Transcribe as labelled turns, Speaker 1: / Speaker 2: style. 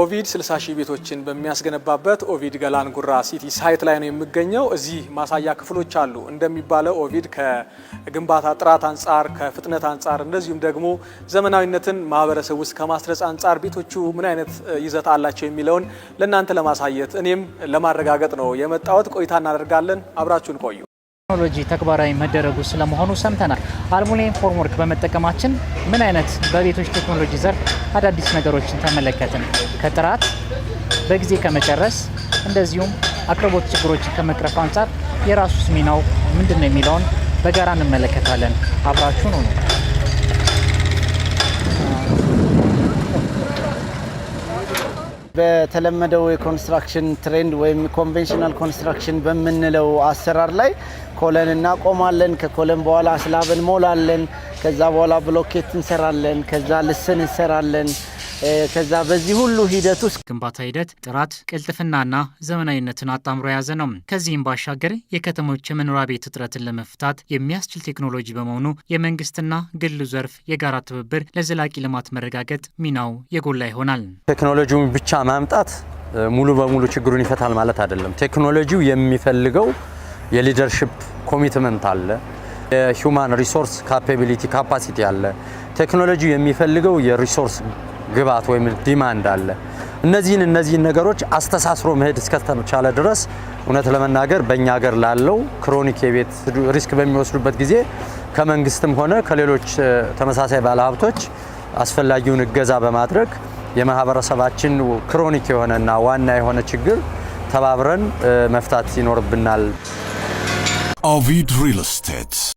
Speaker 1: ኦቪድ 60 ሺህ ቤቶችን በሚያስገነባበት ኦቪድ ገላንጉራ ሲቲ ሳይት ላይ ነው የሚገኘው። እዚህ ማሳያ ክፍሎች አሉ። እንደሚባለው ኦቪድ ከግንባታ ጥራት አንጻር፣ ከፍጥነት አንጻር እንደዚሁም ደግሞ ዘመናዊነትን ማህበረሰብ ውስጥ ከማስረጽ አንጻር ቤቶቹ ምን አይነት ይዘት አላቸው የሚለውን ለእናንተ ለማሳየት እኔም ለማረጋገጥ ነው የመጣወት ቆይታ እናደርጋለን። አብራችሁን ቆዩ።
Speaker 2: ቴክኖሎጂ ተግባራዊ መደረጉ ስለመሆኑ ሰምተናል። አልሙኒየም ፎርምወርክ በመጠቀማችን ምን አይነት በቤቶች ቴክኖሎጂ ዘርፍ አዳዲስ ነገሮችን ተመለከትን? ከጥራት በጊዜ ከመጨረስ እንደዚሁም አቅርቦት ችግሮችን ከመቅረፍ አንጻር የራሱስ ሚናው ምንድን ነው የሚለውን በጋራ እንመለከታለን። አብራችሁን ነው
Speaker 3: በተለመደው የኮንስትራክሽን ትሬንድ ወይም ኮንቬንሽናል ኮንስትራክሽን በምንለው አሰራር ላይ ኮለን እናቆማለን። ከኮለን በኋላ አስላብ እንሞላለን። ከዛ በኋላ ብሎኬት እንሰራለን። ከዛ ልስን እንሰራለን። ከዛ በዚህ ሁሉ ሂደት ውስጥ
Speaker 2: ግንባታ ሂደት ጥራት፣ ቅልጥፍናና ዘመናዊነትን አጣምሮ የያዘ ነው። ከዚህም ባሻገር የከተሞች የመኖሪያ ቤት እጥረትን ለመፍታት የሚያስችል ቴክኖሎጂ በመሆኑ የመንግስትና ግሉ ዘርፍ የጋራ ትብብር ለዘላቂ ልማት መረጋገጥ ሚናው የጎላ ይሆናል።
Speaker 4: ቴክኖሎጂውን ብቻ ማምጣት ሙሉ በሙሉ ችግሩን ይፈታል ማለት አይደለም። ቴክኖሎጂው የሚፈልገው የሊደርሽፕ ኮሚትመንት አለ፣ የሂውማን ሪሶርስ ካፓቢሊቲ ካፓሲቲ አለ። ቴክኖሎጂው የሚፈልገው የሪሶርስ ግብዓት ወይም ዲማንድ አለ። እነዚህን እነዚህን ነገሮች አስተሳስሮ መሄድ እስከተቻለ ድረስ እውነት ለመናገር በእኛ ሀገር ላለው ክሮኒክ የቤት ሪስክ በሚወስዱበት ጊዜ ከመንግስትም ሆነ ከሌሎች ተመሳሳይ ባለሀብቶች አስፈላጊውን እገዛ በማድረግ የማህበረሰባችን ክሮኒክ የሆነና ዋና የሆነ ችግር ተባብረን መፍታት ይኖርብናል። አቪድ ሪል ስቴት